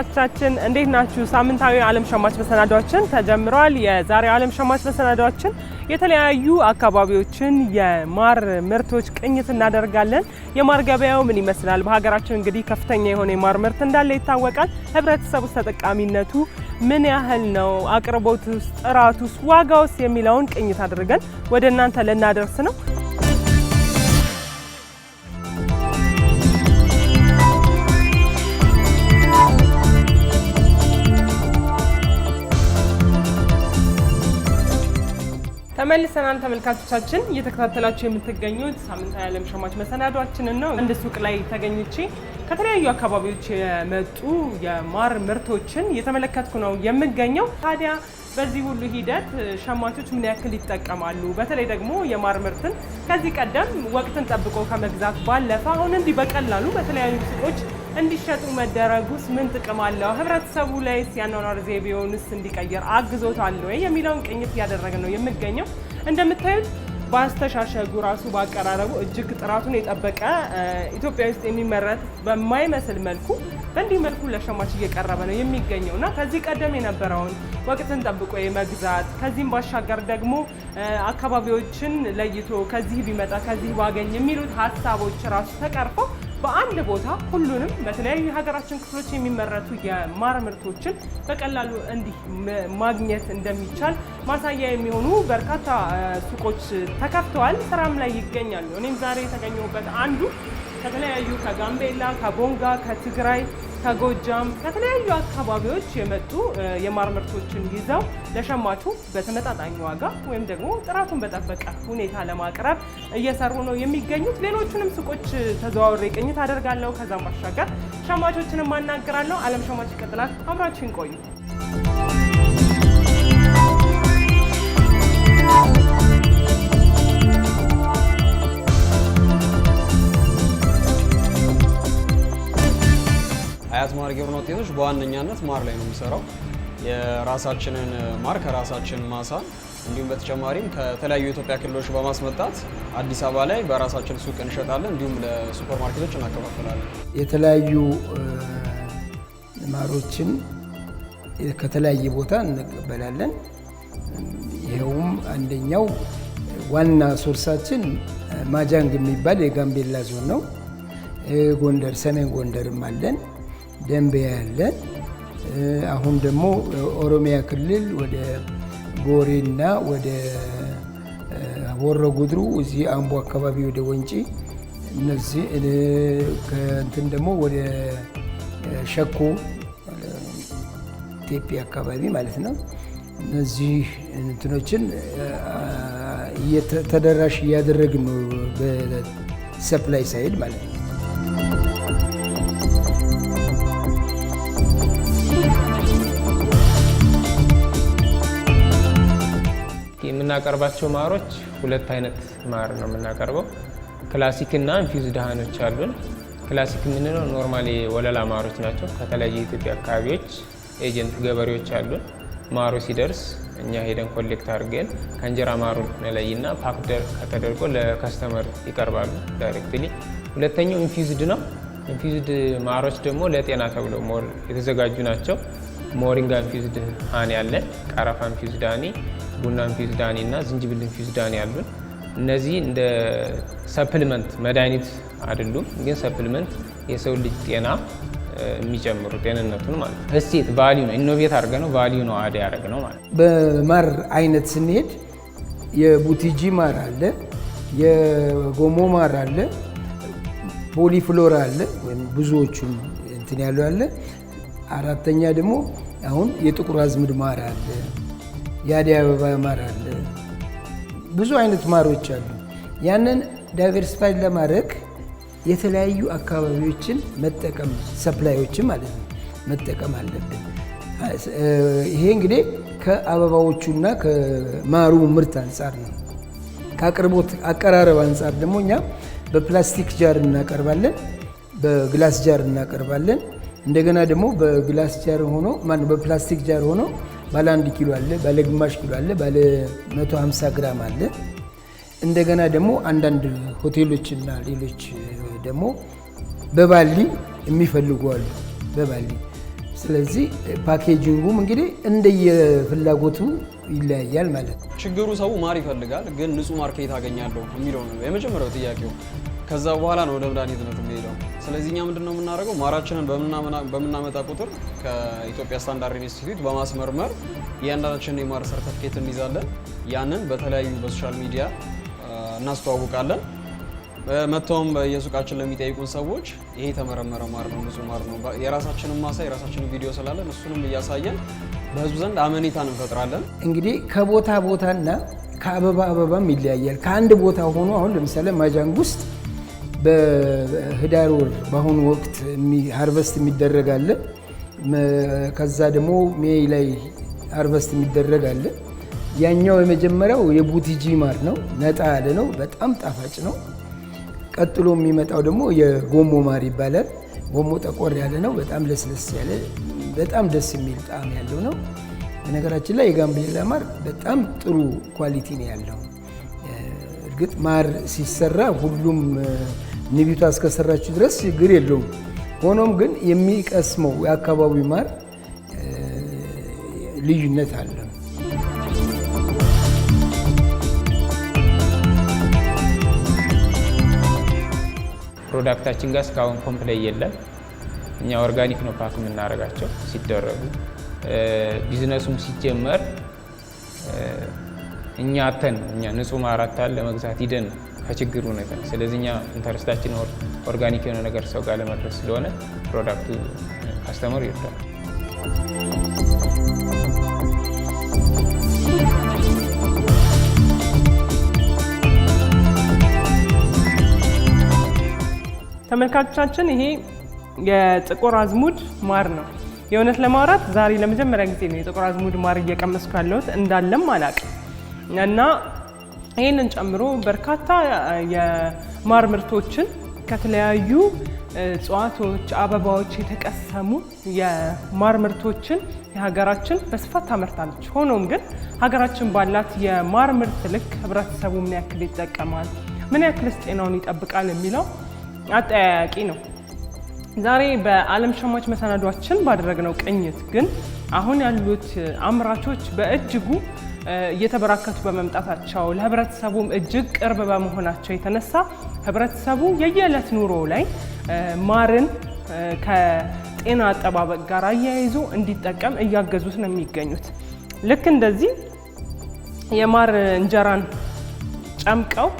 ተመልካቾቻችን እንዴት ናችሁ? ሳምንታዊ ዓለም ሸማች መሰናዷችን ተጀምሯል። የዛሬ ዓለም ሸማች መሰናዷችን የተለያዩ አካባቢዎችን የማር ምርቶች ቅኝት እናደርጋለን። የማር ገበያው ምን ይመስላል? በሀገራችን እንግዲህ ከፍተኛ የሆነ የማር ምርት እንዳለ ይታወቃል። ህብረተሰቡ ተጠቃሚነቱ ምን ያህል ነው? አቅርቦት ውስጥ፣ ጥራት ውስጥ፣ ዋጋ ውስጥ የሚለውን ቅኝት አድርገን ወደ እናንተ ልናደርስ ነው። ተመልሰናል ተመልካቾቻችን፣ እየተከታተላችሁ የምትገኙት ሳምንታዊ የዓለም ሸማች መሰናዷችንን ነው። አንድ ሱቅ ላይ ተገኝቼ ከተለያዩ አካባቢዎች የመጡ የማር ምርቶችን እየተመለከትኩ ነው የምገኘው። ታዲያ በዚህ ሁሉ ሂደት ሸማቾች ምን ያክል ይጠቀማሉ? በተለይ ደግሞ የማር ምርትን ከዚህ ቀደም ወቅትን ጠብቆ ከመግዛት ባለፈ አሁን እንዲህ በቀላሉ በተለያዩ ሱቆች እንዲሸጡ መደረጉስ ምን ጥቅም አለው? ህብረተሰቡ ላይስ ያኗኗር ዘይቤውንስ እንዲቀየር አግዞታል ወይ የሚለውን ቅኝት እያደረገ ነው የምገኘው። እንደምታዩት ባስተሻሸጉ ራሱ ባቀራረቡ እጅግ ጥራቱን የጠበቀ ኢትዮጵያ ውስጥ የሚመረት በማይመስል መልኩ በእንዲህ መልኩ ለሸማች እየቀረበ ነው የሚገኘው እና ከዚህ ቀደም የነበረውን ወቅትን ጠብቆ የመግዛት ከዚህም ባሻገር ደግሞ አካባቢዎችን ለይቶ ከዚህ ቢመጣ ከዚህ ባገኝ የሚሉት ሀሳቦች ራሱ ተቀርፈው በአንድ ቦታ ሁሉንም በተለያዩ የሀገራችን ክፍሎች የሚመረቱ የማር ምርቶችን በቀላሉ እንዲህ ማግኘት እንደሚቻል ማሳያ የሚሆኑ በርካታ ሱቆች ተከፍተዋል፣ ስራም ላይ ይገኛሉ። እኔም ዛሬ የተገኘሁበት አንዱ ከተለያዩ ከጋምቤላ፣ ከቦንጋ፣ ከትግራይ ከጎጃም ከተለያዩ አካባቢዎች የመጡ የማር ምርቶችን ይዘው ለሸማቹ በተመጣጣኝ ዋጋ ወይም ደግሞ ጥራቱን በጠበቀ ሁኔታ ለማቅረብ እየሰሩ ነው የሚገኙት። ሌሎቹንም ሱቆች ተዘዋውሬ ቅኝት አደርጋለሁ። ከዛም ባሻገር ሸማቾችን ማናገራለሁ። አለም ሸማች ይቀጥላል። አብራችን ቆዩ። አያት ማር ግብርና ውጤቶች በዋነኛነት ማር ላይ ነው የሚሰራው። የራሳችንን ማር ከራሳችን ማሳ እንዲሁም በተጨማሪም ከተለያዩ የኢትዮጵያ ክልሎች በማስመጣት አዲስ አበባ ላይ በራሳችን ሱቅ እንሸጣለን፣ እንዲሁም ለሱፐር ማርኬቶች እናከፋፈላለን። የተለያዩ ማሮችን ከተለያየ ቦታ እንቀበላለን። ይኸውም አንደኛው ዋና ሶርሳችን ማጃንግ የሚባል የጋምቤላ ዞን ነው። ጎንደር፣ ሰሜን ጎንደርም አለን። ደንቢያ ያለ አሁን ደግሞ ኦሮሚያ ክልል ወደ ቦሬና ወደ ሆሮ ጉድሩ እዚህ አምቦ አካባቢ ወደ ወንጪ እነዚህ ከእንትን ደግሞ ወደ ሸኮ ኢትዮጵያ አካባቢ ማለት ነው። እነዚህ እንትኖችን ተደራሽ እያደረግን ነው በሰፕላይ ሳይድ ማለት ነው። የምናቀርባቸው ማሮች ሁለት አይነት ማር ነው የምናቀርበው። ክላሲክ እና ኢንፊውዝድ ሀኖች አሉን። ክላሲክ የምንለው ኖርማል የወለላ ማሮች ናቸው። ከተለያዩ የኢትዮጵያ አካባቢዎች ኤጀንት ገበሬዎች አሉን። ማሩ ሲደርስ እኛ ሄደን ኮሌክት አድርገን ከእንጀራ ማሩ ነለይና ፓክ ከተደርጎ ለከስተመር ይቀርባሉ ዳይሬክትሊ። ሁለተኛው ኢንፊውዝድ ነው። ኢንፊውዝድ ማሮች ደግሞ ለጤና ተብለው ሞር የተዘጋጁ ናቸው። ሞሪንጋ ኢንፊውዝድ ሃኒ አለን፣ ቀረፋ ኢንፊውዝድ ሃኒ፣ ቡና ኢንፊውዝድ ሃኒ እና ዝንጅብል ኢንፊውዝድ ሃኒ አሉን። እነዚህ እንደ ሰፕሊመንት መድኃኒት አይደሉም፣ ግን ሰፕሊመንት የሰው ልጅ ጤና የሚጨምሩ ጤንነቱን ማለት ነው። እሴት ቫሊዩ ነው፣ ኢኖቬት አድርገ ነው ቫሊዩ ነው አደ ያደረግ ነው ማለት ነው። በማር አይነት ስንሄድ የቡቲጂ ማር አለ፣ የጎሞ ማር አለ፣ ፖሊፍሎር አለ ወይም ብዙዎቹም እንትን ያለው አለ። አራተኛ ደግሞ አሁን የጥቁር አዝምድ ማር አለ፣ የአደይ አበባ ማር አለ፣ ብዙ አይነት ማሮች አሉ። ያንን ዳይቨርሲፋይ ለማድረግ የተለያዩ አካባቢዎችን መጠቀም ሰፕላዮችን ማለት ነው መጠቀም አለብን። ይሄ እንግዲህ ከአበባዎቹና ከማሩ ምርት አንጻር ነው። ከአቅርቦት አቀራረብ አንጻር ደግሞ እኛ በፕላስቲክ ጃር እናቀርባለን፣ በግላስ ጃር እናቀርባለን። እንደገና ደግሞ በግላስ ጃር ሆኖ በፕላስቲክ ጃር ሆኖ ባለ አንድ ኪሎ አለ፣ ባለ ግማሽ ኪሎ አለ፣ ባለ 150 ግራም አለ። እንደገና ደግሞ አንዳንድ ሆቴሎችና ሌሎች ደግሞ በባሊ የሚፈልጉ አሉ በባሊ። ስለዚህ ፓኬጂንጉም እንግዲህ እንደየፍላጎቱ ይለያያል ማለት ነው። ችግሩ ሰው ማር ይፈልጋል፣ ግን ንጹህ ማር ከየት አገኛለሁ የሚለው ነው የመጀመሪያው ጥያቄው። ከዛ በኋላ ነው ወደ መድኃኒትነቱ የሚሄደው። ስለዚህ እኛ ምንድን ነው የምናደርገው? ማራችንን በምናመጣ ቁጥር ከኢትዮጵያ ስታንዳርድ ኢንስቲትዩት በማስመርመር እያንዳንዳችን የማር ሰርተፍኬት እንይዛለን። ያንን በተለያዩ በሶሻል ሚዲያ እናስተዋውቃለን። መጥተውም በየሱቃችን ለሚጠይቁን ሰዎች ይሄ የተመረመረ ማር ነው፣ ንጹህ ማር ነው። የራሳችንን ማሳ የራሳችንን ቪዲዮ ስላለን እሱንም እያሳየን በህዝቡ ዘንድ አመኔታን እንፈጥራለን። እንግዲህ ከቦታ ቦታና ከአበባ አበባም ይለያያል። ከአንድ ቦታ ሆኖ አሁን ለምሳሌ ማጃንግ ውስጥ በህዳር ወር በአሁኑ ወቅት ሀርቨስት የሚደረግ አለ። ከዛ ደግሞ ሜይ ላይ ሀርቨስት የሚደረግ አለ። ያኛው የመጀመሪያው የቡቲጂ ማር ነው። ነጣ ያለ ነው። በጣም ጣፋጭ ነው። ቀጥሎ የሚመጣው ደግሞ የጎሞ ማር ይባላል። ጎሞ ጠቆር ያለ ነው። በጣም ለስለስ ያለ በጣም ደስ የሚል ጣዕም ያለው ነው። በነገራችን ላይ የጋምቤላ ማር በጣም ጥሩ ኳሊቲ ነው ያለው። እርግጥ ማር ሲሰራ ሁሉም ንቢቷ እስከሰራችሁ ድረስ ችግር የለውም። ሆኖም ግን የሚቀስመው የአካባቢው ማር ልዩነት አለ። ፕሮዳክታችን ጋር እስካሁን ኮምፕሌይ የለም። እኛ ኦርጋኒክ ነው ፓክ የምናደርጋቸው ሲደረጉ ቢዝነሱም ሲጀመር እኛ አተን እኛ ንጹህ ማር አታል ለመግዛት ሂደን ነው ከችግሩ ነገር። ስለዚህ እኛ ኢንተረስታችን ኦርጋኒክ የሆነ ነገር ሰው ጋር ለመድረስ ስለሆነ ፕሮዳክቱ ካስተመር ይርዳል። ተመልካቾቻችን ይሄ የጥቁር አዝሙድ ማር ነው። የእውነት ለማውራት ዛሬ ለመጀመሪያ ጊዜ ነው የጥቁር አዝሙድ ማር እየቀመስኩ ያለሁት፣ እንዳለም አላውቅም እና ይህንን ጨምሮ በርካታ የማር ምርቶችን ከተለያዩ እጽዋቶች፣ አበባዎች የተቀሰሙ የማር ምርቶችን የሀገራችን በስፋት ታመርታለች። ሆኖም ግን ሀገራችን ባላት የማር ምርት ልክ ህብረተሰቡ ምን ያክል ይጠቀማል፣ ምን ያክልስ ጤናውን ይጠብቃል የሚለው አጠያያቂ ነው። ዛሬ በዓለም ሸማች መሰናዷችን ባደረግነው ቅኝት ግን አሁን ያሉት አምራቾች በእጅጉ እየተበራከቱ በመምጣታቸው ለህብረተሰቡም እጅግ ቅርብ በመሆናቸው የተነሳ ህብረተሰቡ የየዕለት ኑሮ ላይ ማርን ከጤና አጠባበቅ ጋር አያይዞ እንዲጠቀም እያገዙት ነው የሚገኙት። ልክ እንደዚህ የማር እንጀራን ጨምቀው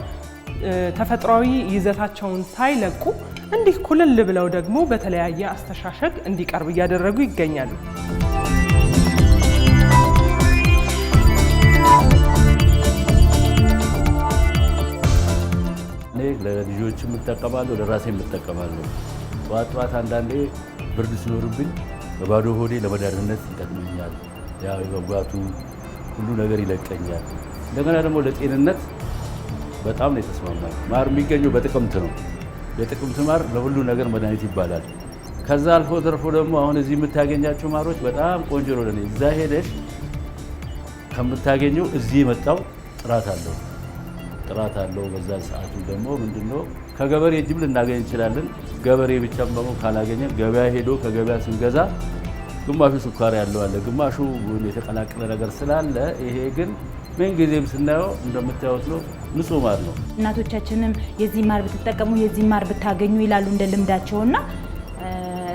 ተፈጥሯዊ ይዘታቸውን ሳይለቁ እንዲህ ኩልል ብለው ደግሞ በተለያየ አስተሻሸግ እንዲቀርብ እያደረጉ ይገኛሉ። ለልጆች የምጠቀማለሁ፣ ለራሴ የምጠቀማለሁ። ጠዋት ጠዋት አንዳንዴ ብርድ ሲኖርብኝ በባዶ ሆዴ ለመድኃኒትነት ይጠቅመኛል። ያ ሁሉ ነገር ይለቀኛል። እንደገና ደግሞ ለጤንነት በጣም ነው የተስማማኝ። ማር የሚገኘው በጥቅምት ነው። የጥቅምት ማር ለሁሉ ነገር መድኃኒት ይባላል። ከዛ አልፎ ተርፎ ደግሞ አሁን እዚህ የምታገኛቸው ማሮች በጣም ቆንጆ ነው። ለእኔ እዛ ሄደሽ ከምታገኘው እዚህ የመጣው ጥራት አለው። ጥራት አለው። በዛ ሰዓቱ ደግሞ ምንድነው ከገበሬ ጅብ ልናገኝ እንችላለን። ገበሬ ብቻም ደግሞ ካላገኘ ገበያ ሄዶ ከገበያ ስንገዛ ግማሹ ስኳር ያለው አለ፣ ግማሹ የተቀላቀለ ነገር ስላለ ይሄ ግን ምን ጊዜም ስናየው እንደምታዩት ነው፣ ንጹህ ማር ነው። እናቶቻችንም የዚህ ማር ብትጠቀሙ የዚህ ማር ብታገኙ ይላሉ እንደ ልምዳቸውና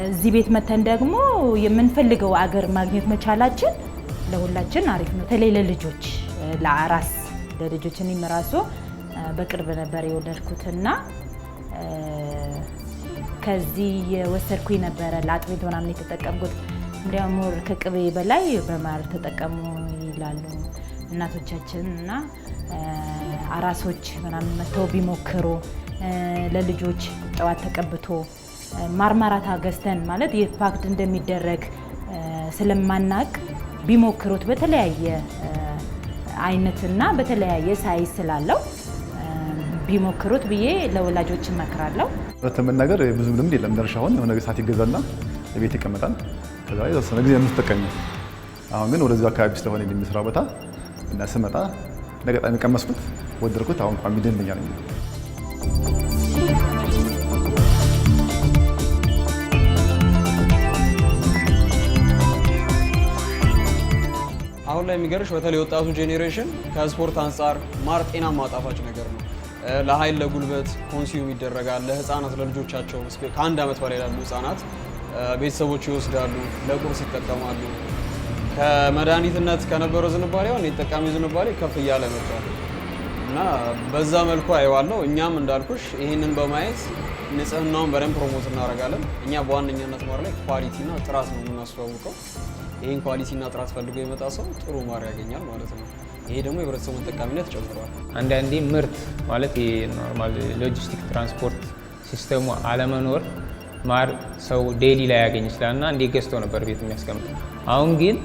እዚህ ቤት መተን ደግሞ የምንፈልገው አገር ማግኘት መቻላችን ለሁላችን አሪፍ ነው። በተለይ ለልጆች ለአራስ ለልጆችን ይመራሱ በቅርብ ነበር የወለድኩትና ከዚህ የወሰድኩ ነበረ ለአጥሚት ምናምን የተጠቀምኩት። እንዲያውም ከቅቤ በላይ በማር ተጠቀሙ ይላሉ እናቶቻችን እና አራሶች ምናምን መተው ቢሞክሩ ለልጆች ጠዋት ተቀብቶ ማርማራታ ገዝተን ማለት የፓክድ እንደሚደረግ ስለማናቅ ቢሞክሩት በተለያየ አይነትና በተለያየ ሳይዝ ስላለው ቢሞክሩት ብዬ ለወላጆች እመክራለሁ። እውነት ለመናገር ብዙ ልምድ የለም። እርሻውን የሆነ ሰዓት ይገዛና ቤት ይቀመጣል። ከዛ የተወሰነ ጊዜ የምትጠቀኝ አሁን ግን ወደዚ አካባቢ ስለሆነ የሚሰራ ቦታ እና ስመጣ ነገጣሚ ቀመስኩት፣ ወደድኩት። አሁን ቋሚ ደንበኛ ነኝ። አሁን ላይ የሚገርሽ በተለይ ወጣቱ ጄኔሬሽን ከስፖርት አንጻር ማር ጤናማ ጣፋጭ ነገር ነው። ለኃይል ለጉልበት ኮንሲዩም ይደረጋል። ለህፃናት ለልጆቻቸው ከአንድ ዓመት በላይ ላሉ ህፃናት ቤተሰቦች ይወስዳሉ፣ ለቁርስ ይጠቀማሉ። ከመድኃኒትነት ከነበረው ዝንባሌ አሁን የተጠቃሚ ዝንባሌ ከፍ እያለ መጥቷል እና በዛ መልኩ አይዋለው። እኛም እንዳልኩሽ ይህንን በማየት ንጽህናውን በደንብ ፕሮሞት እናደርጋለን። እኛ በዋነኛነት ማር ላይ ኳሊቲና ጥራት ነው የምናስተዋውቀው። ይህን ኳሊቲና ጥራት ፈልጎ የመጣ ሰው ጥሩ ማር ያገኛል ማለት ነው። ይሄ ደግሞ የህብረተሰቡን ጠቃሚነት ጨምረዋል። አንዳንዴ ምርት ማለት የኖርማል ሎጂስቲክ ትራንስፖርት ሲስተሙ አለመኖር ማር ሰው ዴይሊ ላይ ያገኝ ይችላል እና እንዴ ገዝቶ ነበር ቤት የሚያስቀምጥ። አሁን ግን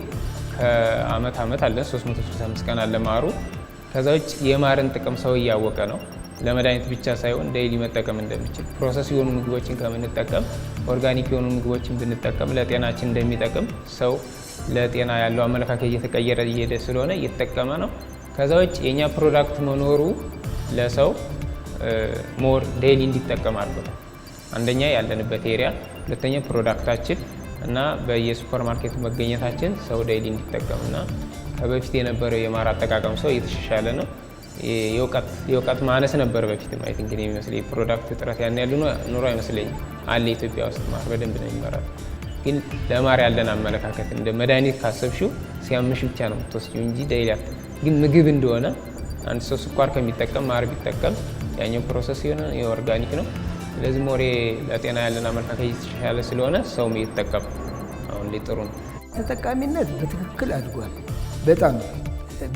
ከአመት ዓመት አለን 365 ቀን አለ ማሩ። ከዛ ውጭ የማርን ጥቅም ሰው እያወቀ ነው። ለመድኃኒት ብቻ ሳይሆን ዴይሊ መጠቀም እንደሚችል ፕሮሰስ የሆኑ ምግቦችን ከምንጠቀም ኦርጋኒክ የሆኑ ምግቦችን ብንጠቀም ለጤናችን እንደሚጠቅም ሰው ለጤና ያለው አመለካከት እየተቀየረ እየሄደ ስለሆነ እየተጠቀመ ነው። ከዛ ውጭ የእኛ ፕሮዳክት መኖሩ ለሰው ሞር ዴይሊ እንዲጠቀም አድርጎታል። አንደኛ ያለንበት ኤሪያ፣ ሁለተኛ ፕሮዳክታችን እና በየሱፐር ማርኬቱ መገኘታችን ሰው ዴይሊ እንዲጠቀም እና ከበፊት የነበረው የማር አጠቃቀም ሰው እየተሻሻለ ነው። የእውቀት ማነስ ነበር በፊት ማየት እንግዲህ የሚመስል የፕሮዳክት እጥረት ያን ያሉ ኑሮ አይመስለኝም አለ። ኢትዮጵያ ውስጥ ማር በደንብ ነው የሚመራት። ግን ለማር ያለን አመለካከት እንደ መድኃኒት ካሰብሽው ሲያምሽ ብቻ ነው የምትወስጂው እንጂ ዴይሊ ግን ምግብ እንደሆነ አንድ ሰው ስኳር ከሚጠቀም ማር ቢጠቀም ያኛው ፕሮሰስ የሆነ የኦርጋኒክ ነው። ስለዚህ ሞሬ ለጤና ያለን አመለካከት የተሻለ ስለሆነ ሰውም እየተጠቀም አሁን ላይ ጥሩ ነው። ተጠቃሚነት በትክክል አድጓል በጣም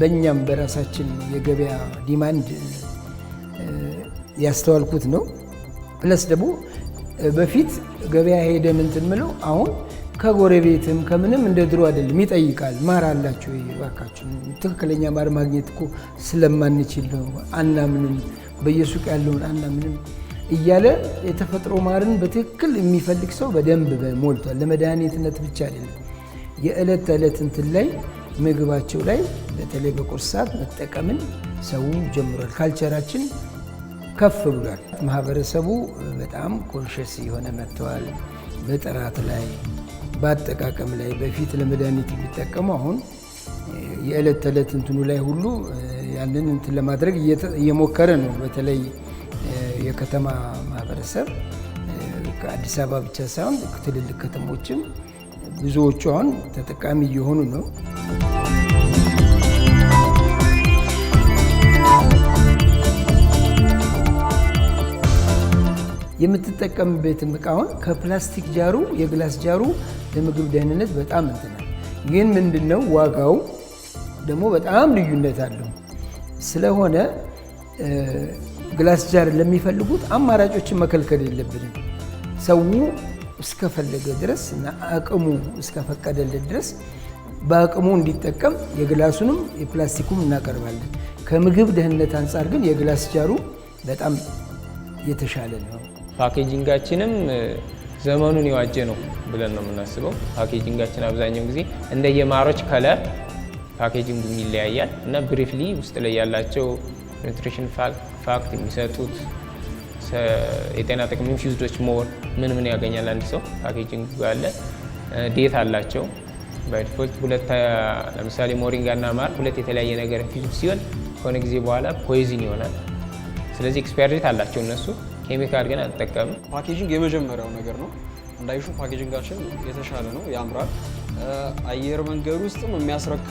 በእኛም በራሳችን የገበያ ዲማንድ ያስተዋልኩት ነው። ፕለስ ደግሞ በፊት ገበያ ሄደ ምንትን ምለው አሁን ከጎረቤትም ከምንም እንደ ድሮ አይደለም፣ ይጠይቃል። ማር አላችሁ እባካችሁ። ትክክለኛ ማር ማግኘት እኮ ስለማንችል ነው አናምንም፣ በየሱቅ ያለውን አናምንም እያለ የተፈጥሮ ማርን በትክክል የሚፈልግ ሰው በደንብ ሞልቷል። ለመድኃኒትነት ብቻ አይደለም። የዕለት ተዕለት እንትን ላይ ምግባቸው ላይ በተለይ በቁርስ ሰዓት መጠቀምን ሰው ጀምሯል። ካልቸራችን ከፍ ብሏል። ማህበረሰቡ በጣም ኮንሽስ የሆነ መጥተዋል በጥራት ላይ በአጠቃቀም ላይ በፊት ለመድኃኒት የሚጠቀሙ አሁን የዕለት ተዕለት እንትኑ ላይ ሁሉ ያንን እንትን ለማድረግ እየሞከረ ነው። በተለይ የከተማ ማህበረሰብ ከአዲስ አበባ ብቻ ሳይሆን ትልልቅ ከተሞችም ብዙዎቹ አሁን ተጠቃሚ እየሆኑ ነው። የምትጠቀምበትም እቃ አሁን ከፕላስቲክ ጃሩ የግላስ ጃሩ ለምግብ ደህንነት በጣም እንትናል። ግን ምንድነው ዋጋው ደግሞ በጣም ልዩነት አለው። ስለሆነ ግላስ ጃር ለሚፈልጉት አማራጮችን መከልከል የለብንም። ሰው እስከፈለገ ድረስ እና አቅሙ እስከፈቀደለት ድረስ በአቅሙ እንዲጠቀም የግላሱንም የፕላስቲኩም እናቀርባለን። ከምግብ ደህንነት አንጻር ግን የግላስ ጃሩ በጣም የተሻለ ነው። ፓኬጂንጋችንም ዘመኑን የዋጀ ነው ብለን ነው የምናስበው። ፓኬጂንጋችን አብዛኛው ጊዜ እንደየማሮች ከለር ፓኬጂንጉ ይለያያል እና ብሪፍሊ ውስጥ ላይ ያላቸው ኒትሪሽን ፋክት የሚሰጡት የጤና ጥቅም ኢንፊውዝዶች ሞር ምን ምን ያገኛል አንድ ሰው ፓኬጂንግ አለ። ዴት አላቸው ባይዲፎልት ሁለት ለምሳሌ ሞሪንጋ እና ማር ሁለት የተለያየ ነገር ኢንፊውዝ ሲሆን ከሆነ ጊዜ በኋላ ፖይዝን ይሆናል። ስለዚህ ኤክስፓየር ዴት አላቸው እነሱ ኬሚካል ግን አልጠቀምም። ፓኬጂንግ የመጀመሪያው ነገር ነው። እንዳይሹ ፓኬጂንጋችን የተሻለ ነው፣ ያምራል። አየር መንገድ ውስጥም የሚያስረክቡ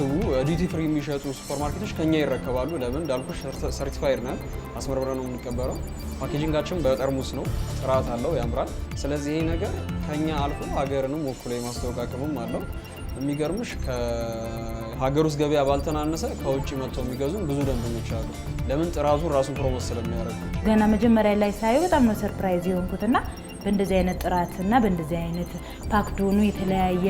ዲቲ ፍሪ የሚሸጡ ሱፐርማርኬቶች ከኛ ይረከባሉ። ለምን እንዳልኩሽ ሰርቲፋይድ ነን፣ አስመርምረን ነው የምንቀበረው። ፓኬጂንጋችን በጠርሙስ ነው፣ ጥራት አለው፣ ያምራል። ስለዚህ ይሄ ነገር ከኛ አልፎ ሀገርንም ወክሎ የማስተወቅ አቅምም አለው። የሚገርምሽ ሀገር ውስጥ ገበያ ባልተናነሰ ከውጭ መጥተው የሚገዙም ብዙ ደንበኞች አሉ። ለምን ጥራቱ ራሱን ፕሮሞት ስለሚያደርግ። ገና መጀመሪያ ላይ ሳየ በጣም ነው ሰርፕራይዝ የሆንኩትና በእንደዚህ አይነት ጥራትና በእንደዚህ አይነት ፓክዶኑ የተለያየ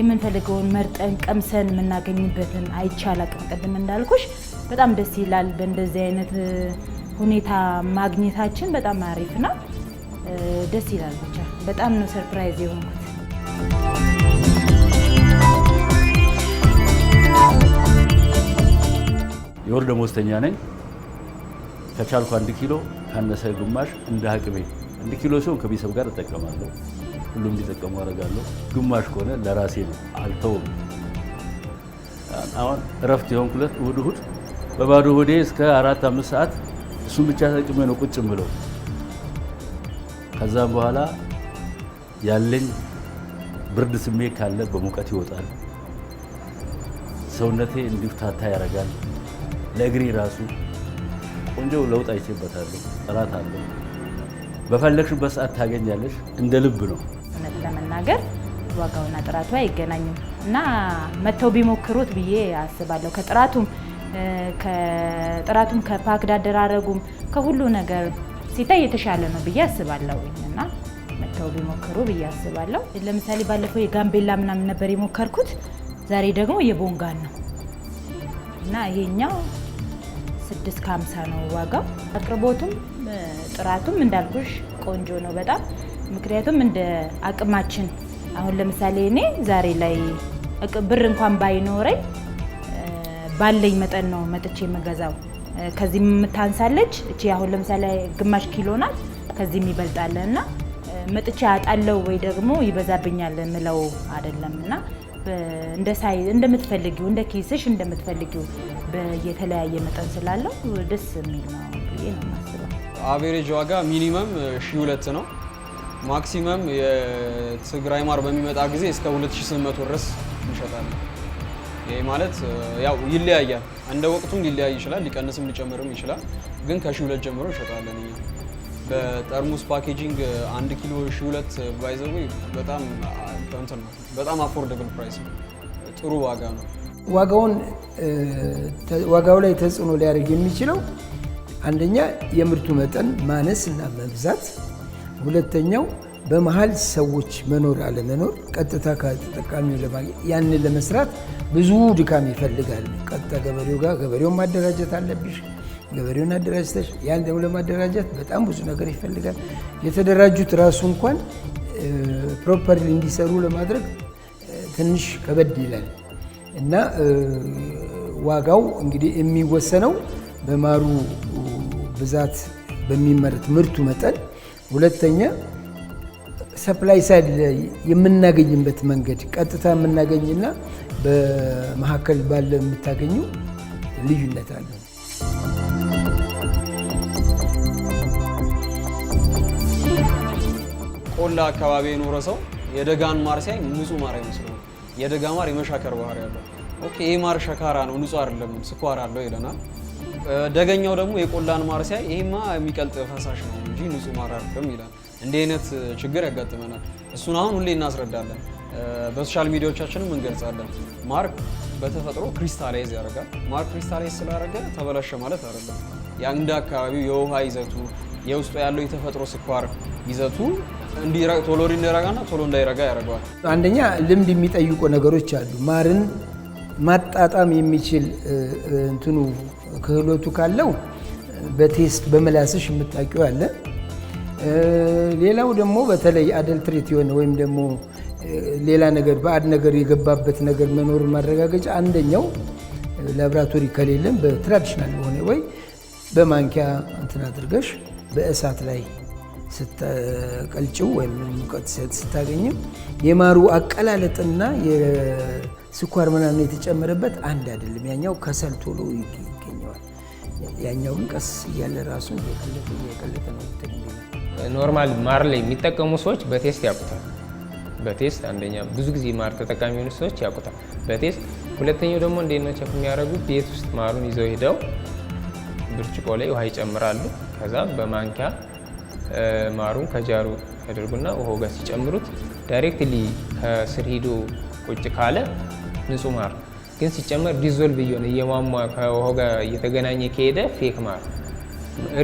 የምንፈልገውን መርጠን ቀምሰን የምናገኝበትን አይቻል አቅም ቅድም እንዳልኩሽ በጣም ደስ ይላል። በእንደዚህ አይነት ሁኔታ ማግኘታችን በጣም አሪፍ ነው። ደስ ይላል። ብቻ በጣም ነው ሰርፕራይዝ የሆንኩት። የወር ደመወዝተኛ ነኝ። ከቻልኩ አንድ ኪሎ ካነሰ ግማሽ እንደ አቅሜ አንድ ኪሎ ሲሆን ከቤተሰብ ጋር እጠቀማለሁ። ሁሉም እንዲጠቀሙ አደርጋለሁ። ግማሽ ከሆነ ለራሴ ነው፣ አልተውም። አሁን እረፍት የሆንኩለት ዕለት ሁድ በባዶ ሆዴ እስከ አራት አምስት ሰዓት እሱን ብቻ ተጠቅሜ ነው ቁጭ ብለው። ከዛም በኋላ ያለኝ ብርድ ስሜት ካለ በሙቀት ይወጣል። ሰውነቴ እንዲፍታታ ያደርጋል። ለእግሬ ራሱ ቆንጆ ለውጥ አይቼበታለሁ። ጥራት አለው። በፈለግሽበት ሰዓት ታገኛለሽ። እንደ ልብ ነው። እውነት ለመናገር ዋጋውና ጥራቱ አይገናኝም እና መጥተው ቢሞክሩት ብዬ አስባለሁ። ከጥራቱም ከጥራቱም ከፓክድ አደራረጉም ከሁሉ ነገር ሲታይ የተሻለ ነው ብዬ አስባለሁ እና መጥተው ቢሞክሩ ብዬ አስባለሁ። ለምሳሌ ባለፈው የጋምቤላ ምናምን ነበር የሞከርኩት። ዛሬ ደግሞ የቦንጋን ነው እና ይሄኛው ስድስት ከሀምሳ ነው ዋጋው። አቅርቦቱም ጥራቱም እንዳልኩሽ ቆንጆ ነው በጣም ምክንያቱም እንደ አቅማችን አሁን ለምሳሌ እኔ ዛሬ ላይ ብር እንኳን ባይኖረኝ ባለኝ መጠን ነው መጥቼ የምገዛው። ከዚህ የምታንሳለች እቺ አሁን ለምሳሌ ግማሽ ኪሎ ናት። ከዚህ የሚበልጣለ እና መጥቼ አጣለው ወይ ደግሞ ይበዛብኛል ምለው አይደለም እና እንደምትፈልጊው እንደ ኪስሽ እንደምትፈልጊው የተለያየ መጠን ስላለው ደስ የሚል ነው ነው የማስበው። አቬሬጅ ዋጋ ሚኒመም ሺ ሁለት ነው። ማክሲመም የትግራይ ማር በሚመጣ ጊዜ እስከ 2800 ድረስ ይሸጣል። ይህ ማለት ያው ይለያያል፣ እንደ ወቅቱም ሊለያይ ይችላል፣ ሊቀንስም ሊጨምርም ይችላል። ግን ከሺ ሁለት ጀምሮ ይሸጣለን። በጠርሙስ ፓኬጂንግ አንድ ኪሎ ሺ ሁለት ባይዘ በጣም እንትን ነው። በጣም አፎርደብል ፕራይስ ነው። ጥሩ ዋጋ ነው። ዋጋውን ዋጋው ላይ ተጽዕኖ ሊያደርግ የሚችለው አንደኛ የምርቱ መጠን ማነስ እና መብዛት፣ ሁለተኛው በመሀል ሰዎች መኖር አለመኖር፣ ቀጥታ ከተጠቃሚው ለማግኘት ያንን ለመስራት ብዙ ድካም ይፈልጋል። ቀጥታ ገበሬው ጋር ገበሬውን ማደራጀት አለብሽ። ገበሬውን አደራጅተሽ ያን ደግሞ ለማደራጀት በጣም ብዙ ነገር ይፈልጋል። የተደራጁት ራሱ እንኳን ፕሮፐርሊ እንዲሰሩ ለማድረግ ትንሽ ከበድ ይላል እና ዋጋው እንግዲህ የሚወሰነው በማሩ ብዛት በሚመረት ምርቱ መጠን፣ ሁለተኛ ሰፕላይ ሳይድ ላይ የምናገኝበት መንገድ ቀጥታ የምናገኝና በመካከል ባለ የምታገኙ ልዩነት አለ። ቆላ አካባቢ የኖረ ሰው የደጋን ማር ሲያይ ንጹህ ማር አይመስለውም። የደጋ ማር የመሻከር ባህሪ ያለው፣ ኦኬ ማር ሸካራ ነው ንጹህ አይደለም ስኳር አለው ይለናል። ደገኛው ደግሞ የቆላን ማር ሲያይ ይሄማ የሚቀልጥ ፈሳሽ ነው እንጂ ንጹህ ማር አይደለም ይላል። እንዲህ አይነት ችግር ያጋጥመናል። እሱን አሁን ሁሌ እናስረዳለን፣ በሶሻል ሚዲያዎቻችንም እንገልጻለን። ማር በተፈጥሮ ክሪስታላይዝ ያደርጋል። ማር ክሪስታላይዝ ስላደረገ ተበላሸ ማለት አይደለም። የአንድ አካባቢው የውሃ ይዘቱ የውስጡ ያለው የተፈጥሮ ስኳር ይዘቱ ቶሎ እንዲረጋና ቶሎ እንዳይረጋ ያደርገዋል። አንደኛ ልምድ የሚጠይቁ ነገሮች አሉ። ማርን ማጣጣም የሚችል እንትኑ ክህሎቱ ካለው በቴስት በመላስሽ የምታውቂው አለ። ሌላው ደግሞ በተለይ አደልትሬት የሆነ ወይም ደግሞ ሌላ ነገር በአድ ነገር የገባበት ነገር መኖሩን ማረጋገጫ አንደኛው ላብራቶሪ ከሌለም በትራዲሽናል የሆነ ወይ በማንኪያ እንትን አድርገሽ በእሳት ላይ ስትቀልጭው ወይም ሙቀት ስታገኝም የማሩ አቀላለጥና የስኳር ምናምን የተጨመረበት አንድ አይደለም። ያኛው ከሰል ቶሎ ይገኘዋል። ያኛው ግን ቀስ እያለ ራሱ እየቀለጠ እየቀለጠ ነው። ኖርማል ማር ላይ የሚጠቀሙ ሰዎች በቴስት ያውቁታል። በቴስት አንደኛ ብዙ ጊዜ ማር ተጠቃሚ የሆኑ ሰዎች ያውቁታል በቴስት ሁለተኛው ደግሞ እንዴት ነው ቸፍ የሚያደርጉት? ቤት ውስጥ ማሩን ይዘው ሄደው ብርጭቆ ላይ ውሃ ይጨምራሉ። ከዛ በማንኪያ ማሩን ከጃሩ ያደርጉና ውሃው ጋር ሲጨምሩት ዳይሬክትሊ ከስር ሂዶ ቁጭ ካለ ንጹህ ማር ግን ሲጨመር ዲዞልቭ እየሆነ እየሟሟ ከውሃው ጋር እየተገናኘ ከሄደ ፌክ ማር።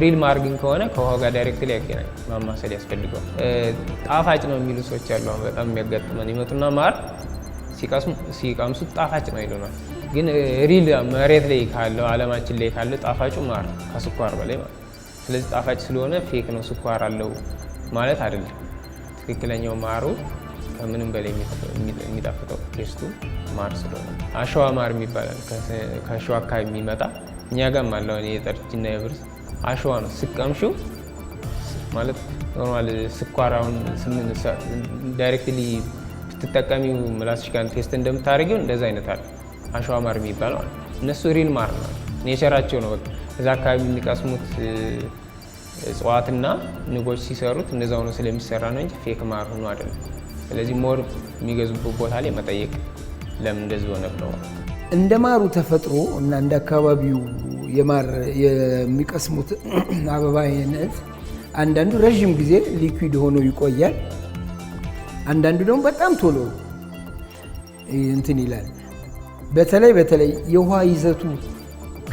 ሪል ማር ግን ከሆነ ከውሃው ጋር ዳይሬክትሊ ያገናኝ ማማሰል ያስፈልገዋል። ጣፋጭ ነው የሚሉ ሰዎች አሉ። አሁን በጣም የሚያጋጥመን ይመጡና ማር ሲቀምሱት ጣፋጭ ነው ይሉናል። ግን ሪል መሬት ላይ ካለው አለማችን ላይ ካለው ጣፋጩ ማር ከስኳር በላይ ማለት ስለዚህ ጣፋጭ ስለሆነ ፌክ ነው ስኳር አለው ማለት አይደለም። ትክክለኛው ማሩ ከምንም በላይ የሚጣፍጠው ቴስቱ ማር ስለሆነ አሸዋ ማር የሚባላል ከሸዋ አካባቢ የሚመጣ እኛ ጋም አለው። የጠርጅና የጠርችና የብርስ አሸዋ ነው ስቀምሽው ማለት ኖርማል ስኳር አሁን ዳይሬክትሊ ብትጠቀሚው ምላስሽ ጋር ቴስት እንደምታደርጊው እንደዚ አይነት አለ። አሸዋ ማር የሚባለው እነሱ ሪል ማር ነው፣ ኔቸራቸው ነው በቃ እዛ አካባቢ የሚቀስሙት እጽዋትና ንቦች ሲሰሩት እንደዛ ሆኖ ስለሚሰራ ነው እንጂ ፌክ ማር ሆኖ አይደለም። ስለዚህ ሞር የሚገዙበት ቦታ ላይ መጠየቅ ለምን እንደዚህ ሆነ ብለው እንደ ማሩ ተፈጥሮ እና እንደ አካባቢው የማር የሚቀስሙት አበባ አይነት አንዳንዱ ረዥም ጊዜ ሊኩዊድ ሆኖ ይቆያል። አንዳንዱ ደግሞ በጣም ቶሎ እንትን ይላል። በተለይ በተለይ የውሃ ይዘቱ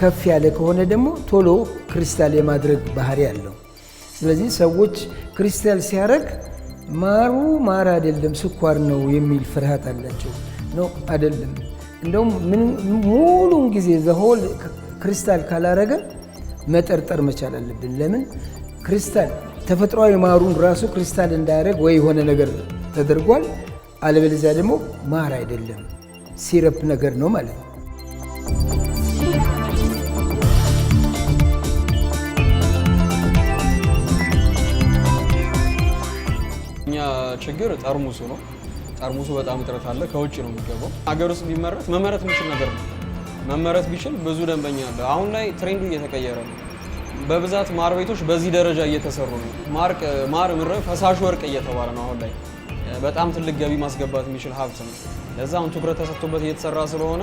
ከፍ ያለ ከሆነ ደግሞ ቶሎ ክሪስታል የማድረግ ባህሪ አለው። ስለዚህ ሰዎች ክሪስታል ሲያደርግ ማሩ ማር አይደለም ስኳር ነው የሚል ፍርሃት አላቸው። ነው አይደለም። እንደውም ሙሉን ጊዜ ዘሆል ክሪስታል ካላረገ መጠርጠር መቻል አለብን። ለምን ክሪስታል ተፈጥሯዊ ማሩን ራሱ ክሪስታል እንዳያደረግ ወይ የሆነ ነገር ተደርጓል፣ አለበለዚያ ደግሞ ማር አይደለም ሲረፕ ነገር ነው ማለት ነው። ችግር ጠርሙሱ ነው። ጠርሙሱ በጣም እጥረት አለ። ከውጭ ነው የሚገባው። ሀገር ውስጥ ቢመረት መመረት የሚችል ነገር ነው። መመረት ቢችል ብዙ ደንበኛ አለ። አሁን ላይ ትሬንዱ እየተቀየረ ነው። በብዛት ማር ቤቶች በዚህ ደረጃ እየተሰሩ ነው። ማር ምረ ፈሳሽ ወርቅ እየተባለ ነው አሁን ላይ በጣም ትልቅ ገቢ ማስገባት የሚችል ሀብት ነው። ለዛ አሁን ትኩረት ተሰጥቶበት እየተሰራ ስለሆነ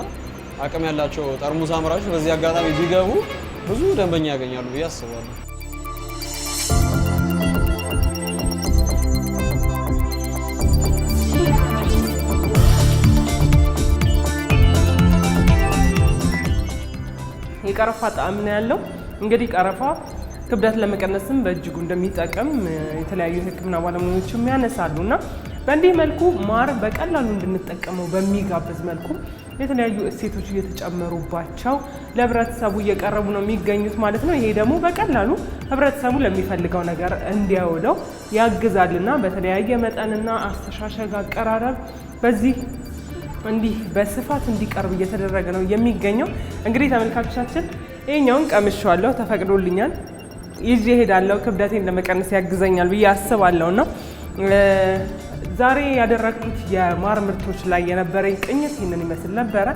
አቅም ያላቸው ጠርሙስ አምራቾች በዚህ አጋጣሚ ቢገቡ ብዙ ደንበኛ ያገኛሉ ብዬ አስባለሁ። የቀረፋ ጣዕም ነው ያለው። እንግዲህ ቀረፋ ክብደት ለመቀነስም በእጅጉ እንደሚጠቅም የተለያዩ የሕክምና ባለሙያዎችም ያነሳሉ እና በእንዲህ መልኩ ማር በቀላሉ እንድንጠቀመው በሚጋብዝ መልኩ የተለያዩ እሴቶች እየተጨመሩባቸው ለህብረተሰቡ እየቀረቡ ነው የሚገኙት ማለት ነው። ይሄ ደግሞ በቀላሉ ህብረተሰቡ ለሚፈልገው ነገር እንዲያውለው ያግዛልና በተለያየ መጠንና አስተሻሸግ አቀራረብ በዚህ እንዲህ በስፋት እንዲቀርብ እየተደረገ ነው የሚገኘው። እንግዲህ ተመልካቾቻችን ይህኛውን ቀምሼዋለሁ፣ ተፈቅዶልኛል፣ ይዤ እሄዳለሁ። ክብደቴን ለመቀነስ ያግዘኛል ብዬ አስባለሁ ነው ዛሬ ያደረግኩት የማር ምርቶች ላይ የነበረኝ ቅኝት ይህንን ይመስል ነበረ።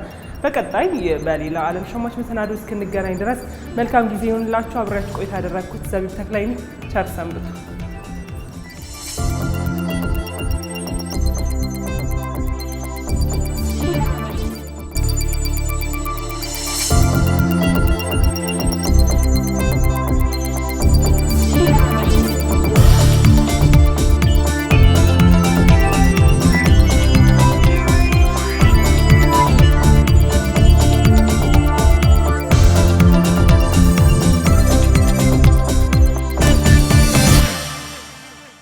በቀጣይ በሌላ ዓለም ሸማች መሰናዶ እስክንገናኝ ድረስ መልካም ጊዜ ይሆንላችሁ። አብሬያችሁ ቆይታ ያደረግኩት ዘቢብ ተክላይ። ቸር ሰንብቱ።